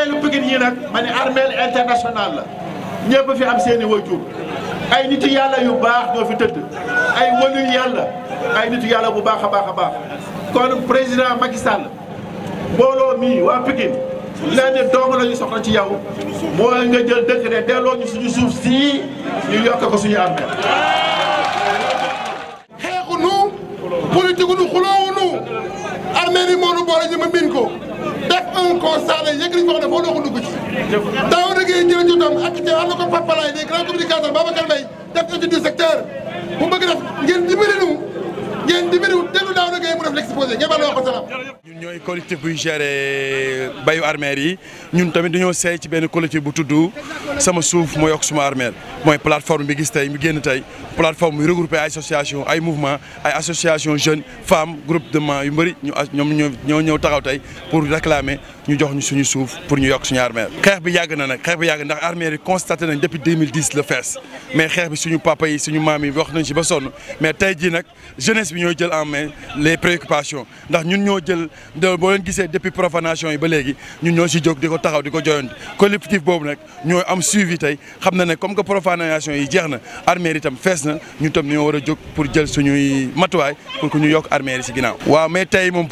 armeelu Pikine yi nag ma ne armeel international la ñëpp fi am seeni waajur ay nitu yàlla yu baax ñoo fi tëdd ay wëlu yàlla ay nitu yàlla bu baax a baax a baax kon président Macky sàll mbooloo mii waa Pikine lenn dong la ñu soxla ci yow mooy nga jël dëkk ne delloo ñu suñu suuf sii ñu yokk ko suñu armeel xeexu nu politique nu xuloowu nu armeel yi moo nu boole ñu ma ko un constat la yëkkati foo xam ne foo doo ko dugg ci daaw da ngay jël jotam ak ci ànd ko Papa Laye les grands communicateurs Babacar Mbaye def étude du secteur bu bëgg def ngeen dimbali nu ngeen mu def l'exposé ngeen baal wax ñoy collectif buy gérer bayu armeel yi ñun tamit dañoo seey ci benn collectif bu tuddu sama souf mooy yokk suma armeel moy plateforme bi gis tay mi génn tay plateforme bi regrouper ay association ay mouvement ay association jeunes femmes groupement yu bëri ñu ñoom ñoo ñëw taxaw tay pour réclamer. ñu jox ñu suñu suuf pour ñu yokk suñu armeel xeex bi yàgg na nag xeex bi yàgg ndax armeel yi constaté nañ depuis 2010 la fees mais xeex bi suñu papa yi suñu maam yi wax nañ ci ba sonn mais tey jii nag jeunesse bi ñoo jël en mais les préoccupations ndax ñun ñoo jël boo gisee depuis profanation yi ba léegi ñun ñoo ci jóg di ko taxaw di ko joyanti collectif boobu nag ñoo am suivi tey xam na ne comme que profanation yi jeex na armeel itam fees na ñu tam ñoo war a jóg pour jël suñuy matuwaay pour que ñu yokk armeel yi si ginnaaw waaw mais tey moom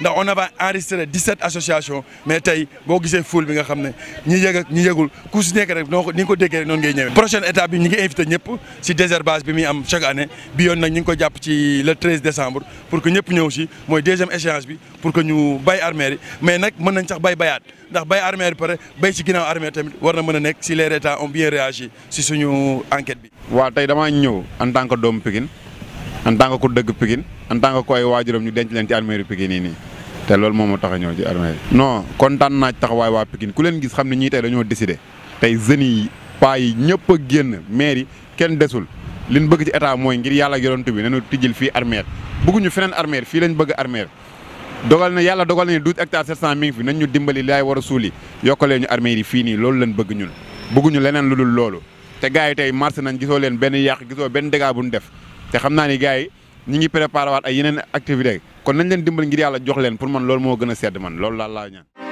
ndax on avait enregistré 17 associations mais tay bo gisee foule bi nga xamné ñi yëg ak ñi yëgul ku ci nek rek noo ko ni ko déggee rek ngay ñëwee. prochaine étape bi ñi ngi invité ñëpp ci désherbage bi mi am chaque année bi yon nak ñi ngi ko japp ci le 13 décembre pour que ñëpp ñëw si mooy deuxième échéance bi pour que ñu bay armère mais nak mën nañ sax bay bayat ndax bay armère bi pare bay ci ginnaaw armée tamit war na mën a si les États ont bien réagi ci suñu enquête bi. wa tay dama ñëw en tant que doomu Pikine en tant que ku dëgg Pikine en tant que ku ay waajuram ñu denc leen ci arméeru Pikine yi nii te loolu moo ma tax a ñëw ci arméer non kontaan naa ci taxawaay waa Pikine ku leen gis xam ne ñii tey dañoo décidé tey jeunes yi paa yi ñëpp a génn maire yi kenn desul li ñu bëgg ci état mooy ngir yàlla ak bi nañu tijjil fii arméer bëgguñu feneen arméer fii lañ bëgg arméer dogal na yàlla dogal nañu 12 hectares 700 mi ngi fi nañ ñu dimbali laay war a suuli yokkalee ñu arméer yi fii nii lañ bëgg ñun bëgguñu leneen lu dul loolu te gars yi tey marché nañ gisoo leen benn yàq gisoo benn dégât bu def te xam naa ni gars yi ñu ngi préparé waat ay yeneen activité kon nañ leen dimbal ngir yàlla jox leen pour man lool moo gën a sedd man loolu laal laa ñaan